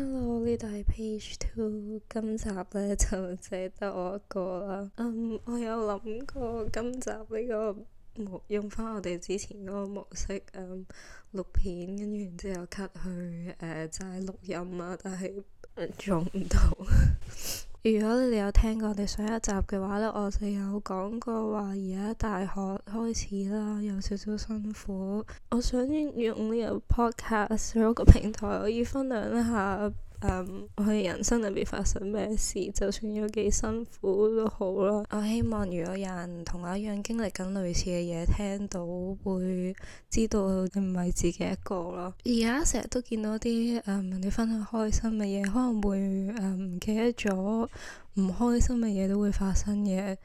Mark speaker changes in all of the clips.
Speaker 1: Hello，呢度係 Page Two，今集咧就借得我一個啦。嗯，我有諗過今集呢個模用翻我哋之前嗰個模式，嗯，錄片，跟住然之後 cut 去誒就係錄音啊，但係錄唔到。如果你哋有聽過我哋上一集嘅話咧，我就有講過話而家大學開始啦，有少少辛苦。我想用呢個 podcast 錄個平台，可以分享一下。嗯，我哋、um, 人生入邊發生咩事，就算有幾辛苦都好啦。我希望如果有人同我一樣經歷緊類似嘅嘢，聽到會知道你唔係自己一個咯。而家成日都見到啲誒、嗯、你分享開心嘅嘢，可能會誒唔、嗯、記得咗唔開心嘅嘢都會發生嘅。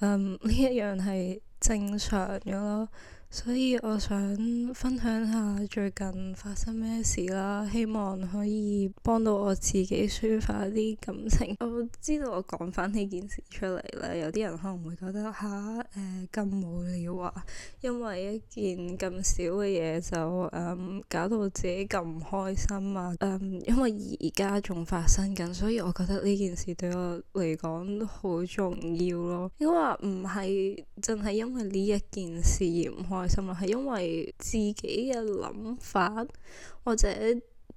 Speaker 1: 嗯，呢一樣係正常咗咯。所以我想分享下最近發生咩事啦，希望可以幫到我自己抒發啲感情。我知道我講翻呢件事出嚟啦，有啲人可能會覺得吓，誒咁無聊啊，因為一件咁少嘅嘢就誒、嗯、搞到自己咁唔開心啊。誒、嗯，因為而家仲發生緊，所以我覺得呢件事對我嚟講都好重要咯、啊。因為唔係淨係因為呢一件事而唔開。內心咯，係因為自己嘅諗法，或者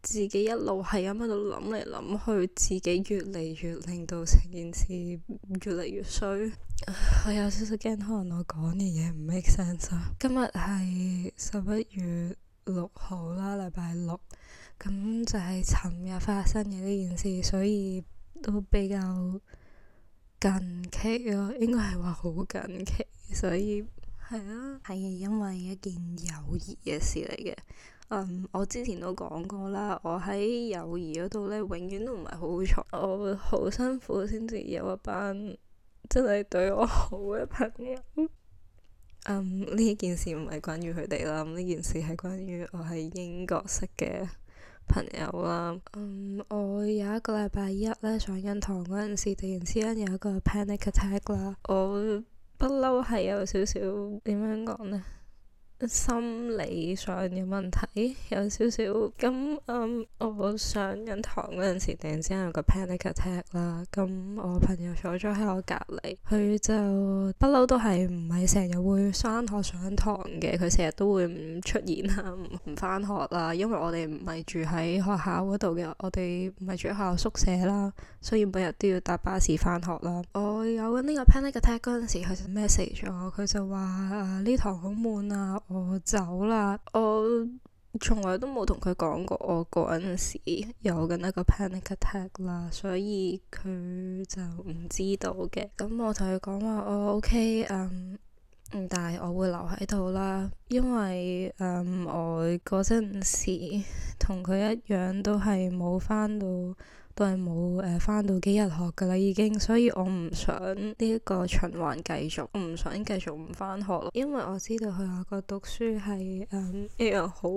Speaker 1: 自己一路係咁喺度諗嚟諗去，自己越嚟越令到成件事越嚟越衰，呃。我有少少驚，可能我講嘅嘢唔 make sense。今日係十一月六號啦，禮拜六，咁就係尋日發生嘅呢件事，所以都比較近期咯，應該係話好近期，所以。係啊，係因為一件友誼嘅事嚟嘅。嗯，um，我之前都講過啦，我喺友誼嗰度咧，永遠都唔係好彩。我好辛苦先至有一班真係對我好嘅朋友。嗯，呢件事唔係關於佢哋啦，咁呢件事係關於我喺英國識嘅朋友啦。嗯，um，我有一個禮拜一咧上緊堂嗰陣時，突然之間有一個 panic attack 啦，我。不嬲，係有少少點，點樣講咧？心理上嘅問題有少少咁，嗯，我上緊堂嗰陣時突然之間有個 panic attack 啦。咁我朋友坐咗喺我隔離，佢就是不嬲都係唔係成日會翻學上堂嘅，佢成日都會唔出現啦，唔翻學啦。因為我哋唔係住喺學校嗰度嘅，我哋唔係住喺學校宿舍啦，所以每日都要搭巴士翻學啦。我有緊呢個 panic attack 嗰陣時，佢就 message 咗我，佢就話呢堂好悶啊。我走啦，我從來都冇同佢講過我嗰陣時有緊一個 panic attack 啦，所以佢就唔知道嘅。咁我同佢講話，我 OK，嗯，但係我會留喺度啦，因為嗯我嗰陣時同佢一樣都係冇翻到。都係冇誒翻到幾日學㗎啦已經，所以我唔想呢一個循環繼續，我唔想繼續唔翻學咯，因為我知道去外國讀書係誒、嗯、一樣好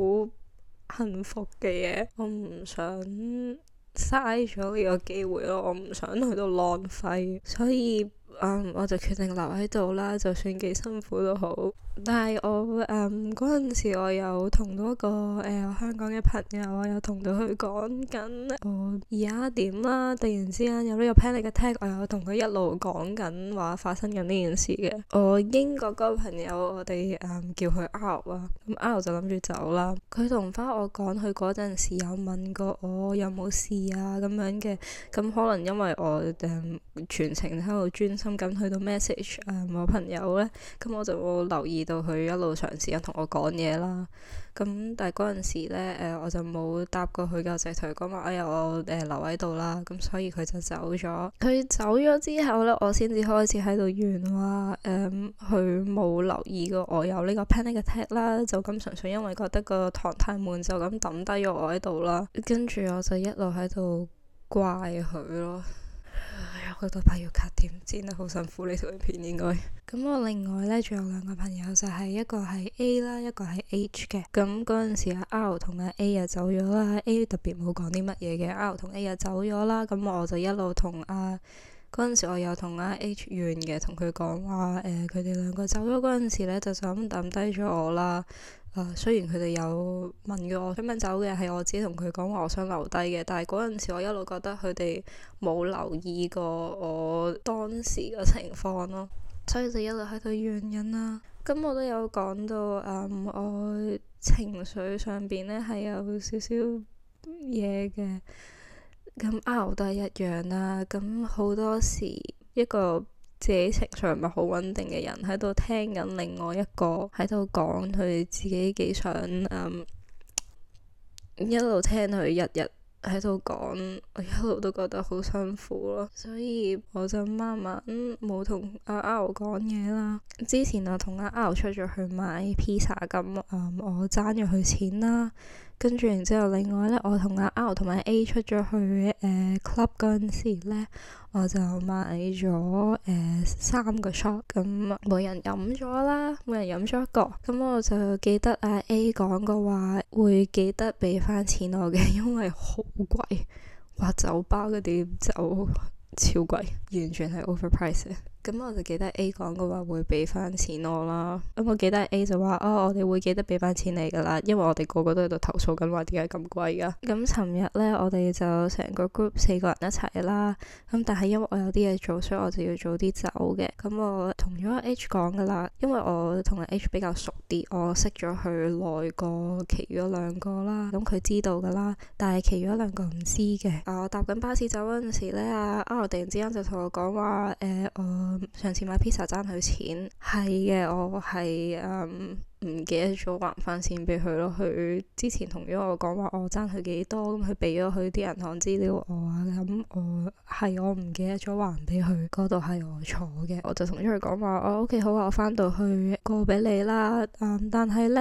Speaker 1: 幸福嘅嘢，我唔想嘥咗呢個機會咯，我唔想去到浪費，所以。嗯，um, 我就決定留喺度啦，就算幾辛苦都好。但係我嗯嗰陣時我、那個呃我，我有同到一個誒香港嘅朋友，有同到佢講緊我而家點啦。突然之間有呢個 panic attack，我有同佢一路講緊話發生緊呢件事嘅。 我英國嗰個朋友，我哋嗯叫佢 out 啦，咁 out 就諗住走啦。佢同翻我講，佢嗰陣時有問過我有冇事啊咁樣嘅。咁可能因為我誒、呃、全程喺度專心。咁緊去到 message，誒、呃、我朋友咧，咁我就冇留意到佢一路長時間同我講嘢啦。咁但係嗰陣時咧，誒、呃、我就冇搭過佢個直台，咁話哎呀我誒、呃、留喺度啦，咁所以佢就走咗。佢走咗之後咧，我先至開始喺度怨話，誒佢冇留意過我有呢個 panic attack 啦，就咁純粹因為覺得個堂太悶，就咁抌低咗我喺度啦。跟住我就一路喺度怪佢咯。去到白肉卡點，煎得好辛苦呢條片應該。咁 我另外呢，仲有兩個朋友，就係、是、一個係 A 啦，一個係 H 嘅。咁嗰陣時，阿 R 同阿 A 又走咗啦，A 特別冇講啲乜嘢嘅 R 同 A 又走咗啦。咁我就一路同阿嗰陣時我有、啊，我又同阿 H 怨嘅，同佢講話誒，佢哋兩個走咗嗰陣時咧，就就咁抌低咗我啦。啊，雖然佢哋有問過我想唔想走嘅，係我自己同佢講話我想留低嘅，但係嗰陣時我一路覺得佢哋冇留意過我當時嘅情況咯，所以就一路喺度怨人啦。咁我都有講到，嗯，我情緒上邊呢係有少少嘢嘅，咁拗都係一樣啦。咁好多時一個。自己情緒唔係好穩定嘅人，喺度聽緊另外一個喺度講佢自己幾想嗯，一路聽佢日日喺度講，我一路都覺得好辛苦咯。所以我就慢慢冇同阿阿 O 講嘢啦。之前啊，同阿阿 O 出咗去買 pizza 咁啊，我爭咗佢錢啦。跟住，然之後，另外咧，我同阿 R 同埋 A 出咗去誒、呃、club 嗰陣時咧，我就買咗誒、呃、三個 shot，咁每人飲咗啦，每人飲咗一個。咁我就記得阿 A 講嘅話，會記得俾翻錢我嘅，因為好貴，哇酒吧嗰啲酒超貴，完全係 overpriced。咁我就記得 A 講嘅話會俾翻錢我啦，咁我記得 A 就話哦，我哋會記得俾翻錢你噶啦，因為我哋個個都喺度投訴緊，話點解咁貴噶。咁尋日咧，我哋就成個 group 四個人一齊啦。咁但係因為我有啲嘢做，所以我就要早啲走嘅。咁我同咗 H 講噶啦，因為我同阿 H 比較熟啲，我識咗佢耐過，其餘嗰兩個啦，咁佢知道噶啦。但係其餘嗰兩個唔知嘅、啊。我搭緊巴士走嗰陣時咧，阿阿突然之間就同我講話，誒、呃、我。上次買 pizza 爭佢錢，係嘅，我係嗯。Um 唔記得咗還翻錢俾佢咯，佢之前同咗我講話，我爭佢幾多，咁佢俾咗佢啲銀行資料我，啊、嗯。咁、嗯嗯、我係我唔記得咗還俾佢，嗰度係我錯嘅、哦 okay，我就同咗佢講話，我屋企好啊，我翻到去過俾你啦，嗯，但係咧，誒、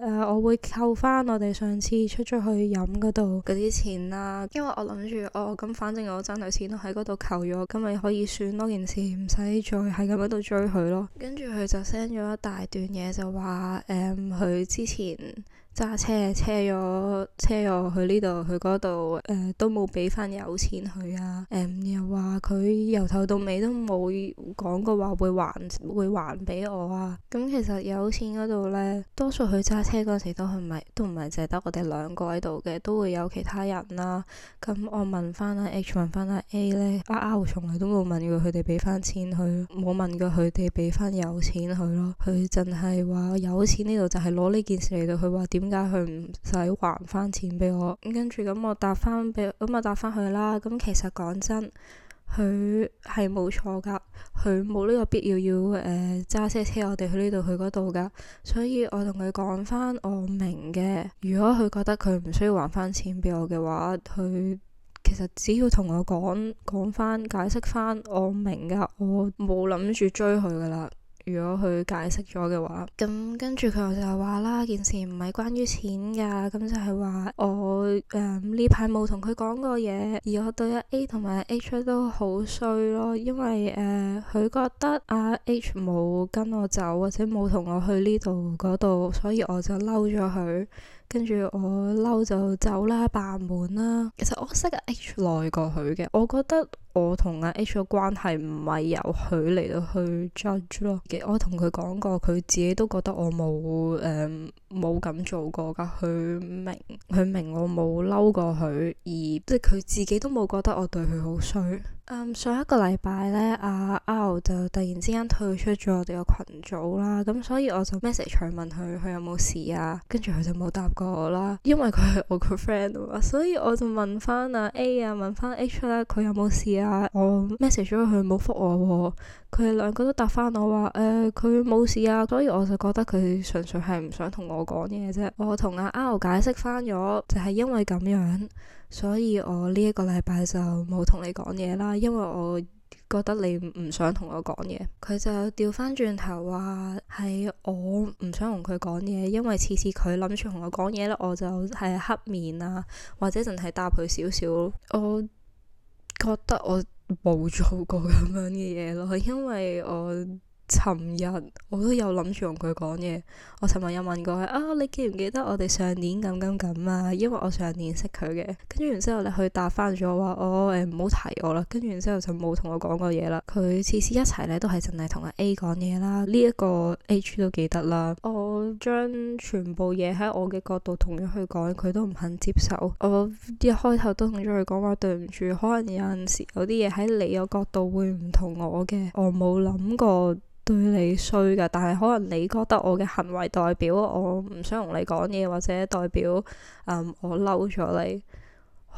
Speaker 1: 呃，我會扣翻我哋上次出咗去飲嗰度嗰啲錢啦，因為我諗住，哦，咁反正我爭佢錢都喺嗰度扣咗，咁咪可以算咯，件事唔使再係咁喺度追佢咯，跟住佢就 send 咗一大段嘢就話。誒，佢、um，之前。揸車車咗，車咗去呢度去嗰度，誒、呃、都冇俾翻有錢佢啊！誒、呃、又話佢由頭到尾都冇講過話會還會還俾我啊！咁其實有錢嗰度咧，多數佢揸車嗰時都係唔係都唔係淨係得我哋兩個喺度嘅，都會有其他人啦、啊。咁我問翻啦、啊，H 問翻啦、啊，A 咧 R，R 從來都冇問過佢哋俾翻錢佢，冇問過佢哋俾翻有錢佢咯。佢淨係話有錢呢度就係攞呢件事嚟到，佢話點？點解佢唔使還翻錢俾我？咁跟住咁我答翻俾，咁我答翻佢啦。咁其實講真，佢係冇錯噶，佢冇呢個必要要誒揸、呃、車車我哋去呢度去嗰度噶。所以我同佢講翻，我明嘅。如果佢覺得佢唔需要還翻錢俾我嘅話，佢其實只要同我講講翻解釋翻，我明噶，我冇諗住追佢噶啦。如果佢解釋咗嘅話，咁跟住佢就話啦，件事唔係關於錢㗎，咁就係、嗯、話我誒呢排冇同佢講過嘢，而我對阿 A 同埋阿 H 都好衰咯，因為誒佢、呃、覺得阿 H 冇跟我走或者冇同我去呢度嗰度，所以我就嬲咗佢，跟住我嬲就走啦，霸門啦。其實我識阿 H 耐過佢嘅，我覺得。我同阿 H 嘅關係唔係由佢嚟到去 judge 咯嘅，我同佢講過，佢自己都覺得我冇誒。嗯冇咁做過㗎，佢明，佢明我冇嬲過佢，而即係佢自己都冇覺得我對佢好衰。嗯，上一個禮拜呢，阿 L 就突然之間退出咗我哋個群組啦，咁所以我就 message 佢問佢佢有冇事啊，跟住佢就冇答過我啦，因為佢係我個 friend 喎，所以我就問翻阿 A 啊，問翻 H 啦，佢有冇事啊？我 message 咗佢冇覆我喎，佢哋兩個都答翻我話誒佢冇事啊，所以我就覺得佢純粹係唔想同我講嘢啫，我同阿 L 解釋翻咗，就係因為咁樣，所以我呢一個禮拜就冇同你講嘢啦，因為我覺得你唔想同我講嘢。佢就調翻轉頭話係我唔想同佢講嘢，因為次次佢諗住同我講嘢咧，我就係黑面啊，或者淨係答佢少少。我覺得我冇做過咁樣嘅嘢咯，因為我。尋日我都有諗住同佢講嘢，我尋日有問過佢啊，你記唔記得我哋上年咁咁咁啊？因為我上年識佢嘅，跟住然之後咧，佢答翻咗話，哦，誒唔好提我啦。我跟住然之後就冇同我講過嘢啦。佢次次一齊咧都係淨係同阿 A 講嘢啦，呢、這、一個 H 都記得啦。我將全部嘢喺我嘅角度同咗佢講，佢都唔肯接受。我一開頭都同咗佢講話，對唔住，可能有陣時有啲嘢喺你個角度會唔同我嘅，我冇諗過。對你衰㗎，但係可能你覺得我嘅行為代表我唔想同你講嘢，或者代表誒、嗯、我嬲咗你。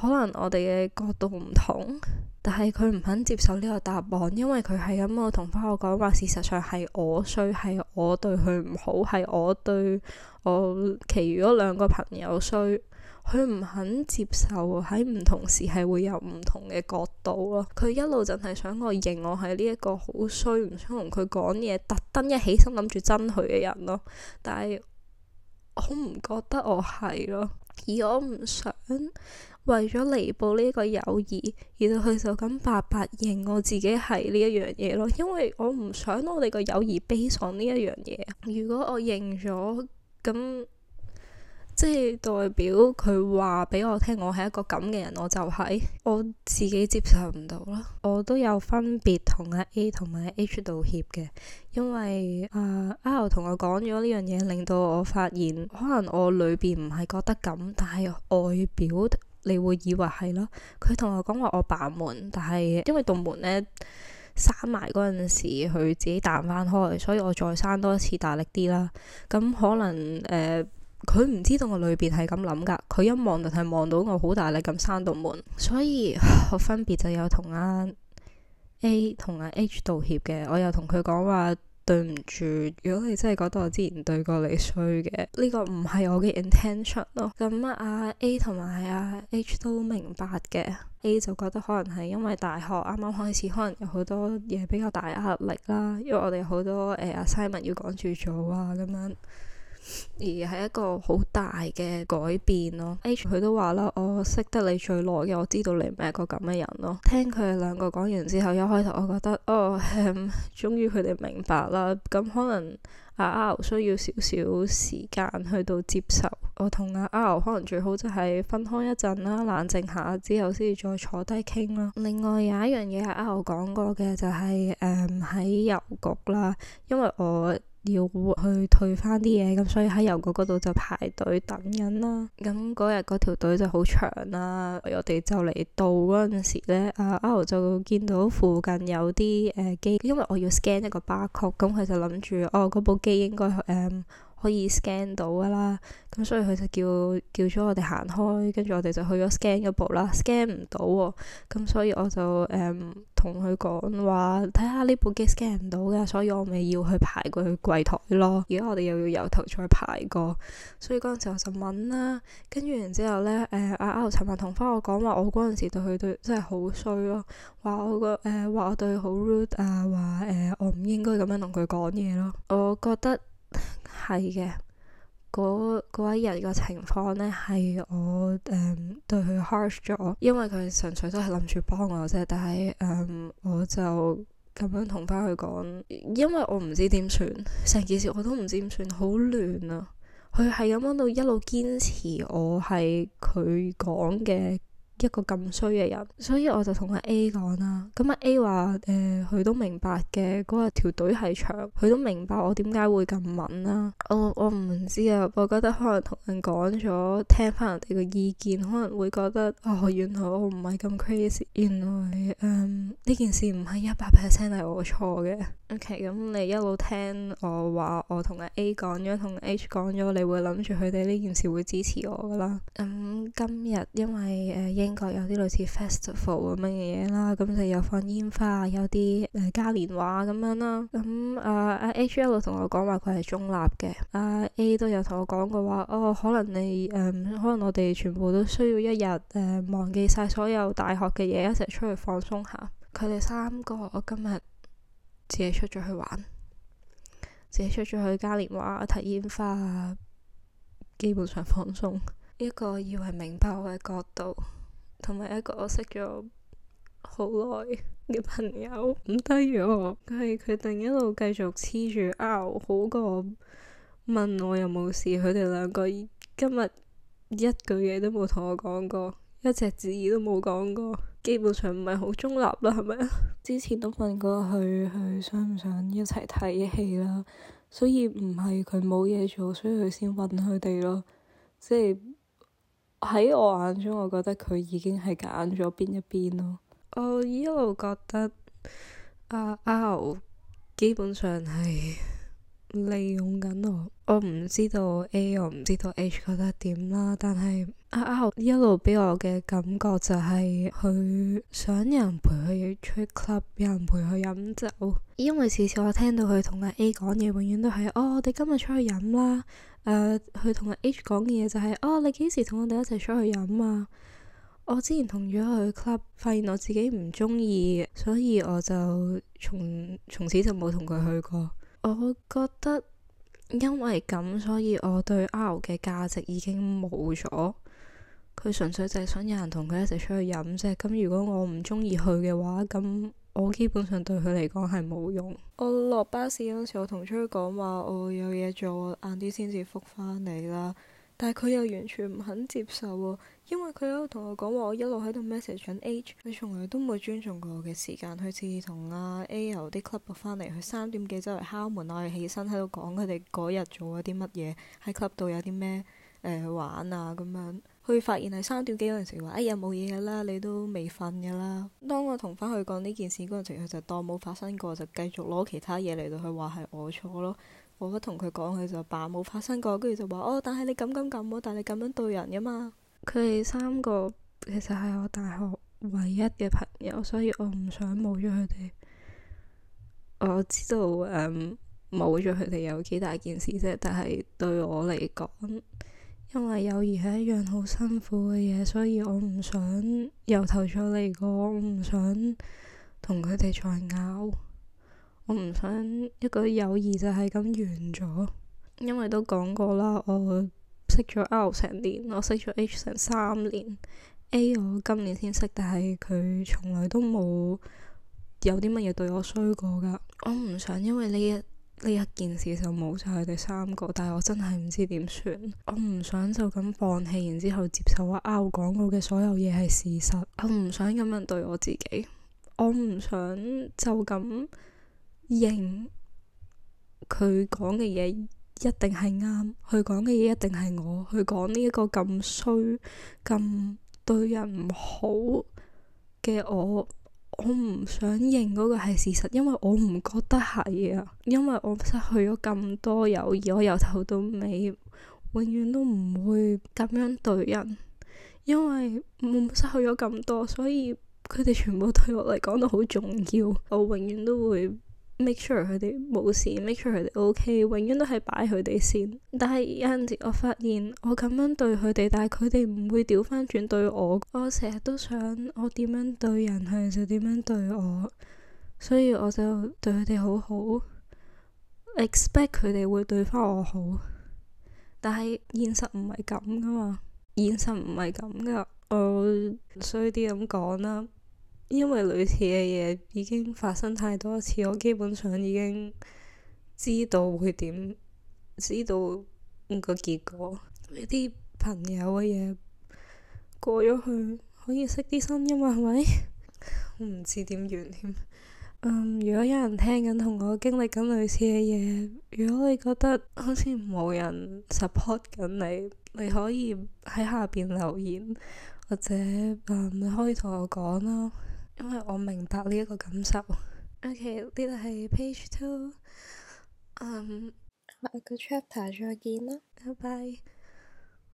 Speaker 1: 可能我哋嘅角度唔同，但係佢唔肯接受呢個答案，因為佢係咁我同返我講話，事實上係我衰，係我對佢唔好，係我對我其餘嗰兩個朋友衰。佢唔肯接受喺唔同時，係會有唔同嘅角度咯、啊。佢一路就係想我認我係呢一個好衰，唔想同佢講嘢，特登一起身諗住憎佢嘅人咯、啊。但係我唔覺得我係咯，而我唔想為咗彌補呢個友誼，而到佢就咁白白認我自己係呢一樣嘢咯。因為我唔想我哋個友誼悲喪呢一樣嘢。如果我認咗咁。即係代表佢話俾我聽，我係一個咁嘅人，我就係、是、我自己接受唔到咯。我都有分別同阿 A 同埋 H 道歉嘅，因為啊 L 同我講咗呢樣嘢，令到我發現可能我裏邊唔係覺得咁，但係外表你會以為係咯。佢同我講話我扮門，但係因為棟門咧閂埋嗰陣時，佢自己彈翻開，所以我再閂多一次大力啲啦。咁可能誒。呃佢唔知道我裏邊係咁諗噶，佢一望就係望到我好大力咁閂到門，所以我分別就有同阿 A 同阿 H 道歉嘅，我又同佢講話對唔住，如果你真係覺得我之前對過你衰嘅，呢、這個唔係我嘅 intention 咯。咁阿、啊、A 同埋阿 H 都明白嘅，A 就覺得可能係因為大學啱啱開始，可能有好多嘢比較大壓力啦，因為我哋好多誒阿 o n 要趕住做啊，咁樣。而係一個好大嘅改變咯。H 佢都話啦，我識得你最耐嘅，我知道你唔係一個咁嘅人咯。聽佢哋兩個講完之後，一開頭我覺得哦、嗯，終於佢哋明白啦。咁可能阿 R 需要少少時間去到接受。我同阿 R 可能最好就係分開一陣啦，冷靜下之後先至再坐低傾啦。另外有一樣嘢係 R 講過嘅，就係，就係誒喺郵局啦，因為我。要去退翻啲嘢，咁所以喺郵局嗰度就排隊等緊啦。咁嗰日嗰條隊就好長啦。我哋就嚟到嗰陣時呢，啊歐就見到附近有啲誒機，因為我要 scan 一個 barcode，咁佢就諗住哦，嗰部機應該誒。Um, 可以 scan 到噶啦，咁、嗯、所以佢就叫叫咗我哋行開，跟住我哋就去咗 scan 嗰步啦，scan 唔到喎、喔，咁、嗯、所以我就誒同佢講話，睇下呢部機 scan 唔到嘅，所以我咪要去排過去櫃台咯，而家我哋又要由頭再排過，所以嗰陣時候我就問啦，呃、R R 跟住然之後咧誒阿 Alex 同翻我講話、呃啊呃，我嗰陣時對佢對真係好衰咯，話我個誒話我對佢好 rude 啊，話誒我唔應該咁樣同佢講嘢咯，我覺得。係嘅，嗰嗰一日個情況呢，係、嗯、我誒對佢 harsh 咗，因為佢純粹都係諗住幫我啫，但係誒、嗯、我就咁樣同翻佢講，因為我唔知點算，成件事我都唔知點算，好亂啊！佢係咁喺到一路堅持我係佢講嘅。一個咁衰嘅人，所以我就同阿 A 講啦。咁阿 A 話誒，佢、呃、都明白嘅，嗰日條隊係長，佢都明白我點解會咁敏啦。我我唔知啊，我覺得可能同人講咗，聽翻人哋個意見，可能會覺得哦，原來我唔係咁 crazy，原來嗯呢件事唔係一百 percent 係我錯嘅。OK，咁、嗯、你一路聽我話，我同阿 A 講咗，同 H 講咗，你會諗住佢哋呢件事會支持我噶啦。咁、嗯、今日因為誒應。呃英國有啲類似 festival 咁樣嘅嘢啦，咁就有放煙花，有啲誒嘉年華咁樣啦。咁、嗯、啊，阿、呃、H 同我講話佢係中立嘅，阿、呃、A 都有同我講過話哦。可能你誒、呃，可能我哋全部都需要一日誒、呃，忘記晒所有大學嘅嘢，一齊出去放鬆下。佢哋三個，我今日自己出咗去玩，自己出咗去嘉年華睇煙花啊，基本上放鬆一個以為明白我嘅角度。同埋一個我識咗好耐嘅朋友唔不如我佢係佢定一路繼續黐住拗，好過問我有冇事。佢哋兩個今日一句嘢都冇同我講過，一隻字都冇講過。基本上唔係好中立啦，係咪啊？之前都問過佢，佢想唔想一齊睇戲啦？所以唔係佢冇嘢做，所以佢先問佢哋咯，即係。喺我眼中，我覺得佢已經係揀咗邊一邊咯。我一路覺得啊，R 基本上係，利用緊我，我唔知道 A，我唔知道 H 覺得點啦。但係 R、啊啊，一路俾我嘅感覺就係佢想有人陪佢出 club，有人陪佢飲酒。因為次次我聽到佢同阿 A 講嘢，永遠都係哦，我哋今日出去飲啦。誒、呃，佢同阿 H 講嘅嘢就係、是、哦，你幾時同我哋一齊出去飲啊？我之前同咗佢去 club，發現我自己唔中意，所以我就從從此就冇同佢去過。我覺得因為咁，所以我對 R 嘅價值已經冇咗。佢純粹就係想有人同佢一齊出去飲啫。咁如果我唔中意佢嘅話，咁我基本上對佢嚟講係冇用。我落巴士嗰時，我同出去講話我有嘢做，我晏啲先至復翻你啦。但係佢又完全唔肯接受喎。因為佢喺度同我講話，我一路喺度 message 緊 H。佢從來都冇尊重過我嘅時間，佢次次同啊 A 遊啲 club 落翻嚟，佢三點幾周圍敲門我哋起身，喺度講佢哋嗰日做咗啲乜嘢喺 club 度有啲咩誒玩啊咁樣。佢發現係三點幾嗰陣時話：哎呀冇嘢啦，你都未瞓㗎啦。當我同翻去講呢件事嗰陣時，佢就當冇發生過，就繼續攞其他嘢嚟到去話係我錯咯。我同佢講佢就扮冇發生過，跟住就話哦，但係你咁咁咁，但係你咁樣對人㗎嘛。佢哋三個其實係我大學唯一嘅朋友，所以我唔想冇咗佢哋。我知道誒冇咗佢哋有幾大件事啫，但係對我嚟講，因為友誼係一樣好辛苦嘅嘢，所以我唔想由頭再嚟過，我唔想同佢哋再拗，我唔想一個友誼就係咁完咗。因為都講過啦，我。識咗 R 成年，我識咗 H 成三年，A 我今年先識，但係佢從來都冇有啲乜嘢對我衰過㗎。我唔想因為呢一呢一件事就冇曬佢哋三個，但係我真係唔知點算。我唔想就咁放棄，然之後接受阿 R 講過嘅所有嘢係事實。我唔想咁樣對我自己，我唔想就咁認佢講嘅嘢。一定係啱，佢講嘅嘢一定係我。佢講呢一個咁衰、咁對人唔好嘅我，我唔想認嗰個係事實，因為我唔覺得係啊。因為我失去咗咁多友誼，我由頭到尾永遠都唔會咁樣對人，因為我失去咗咁多，所以佢哋全部對我嚟講都好重要，我永遠都會。make sure 佢哋冇事，make sure 佢哋 OK，永遠都係擺佢哋先。但係有陣時我發現我咁樣對佢哋，但係佢哋唔會掉翻轉對我。我成日都想我點樣對人，佢哋就點樣對我，所以我就對佢哋好好 ，expect 佢哋會對翻我好。但係現實唔係咁噶嘛，現實唔係咁噶。我衰啲咁講啦。因為類似嘅嘢已經發生太多次，我基本上已經知道會點，知道個結果。啲朋友嘅嘢過咗去，可以識啲新嘅嘛？係咪？唔 知點完添？嗯，如果有人聽緊同我經歷緊類似嘅嘢，如果你覺得好似冇人 support 緊你，你可以喺下邊留言，或者嗯你可以同我講囉。因為我明白呢一個感受。OK 呢度係 Page 2。嗯，下個 chapter 再見啦。拜拜。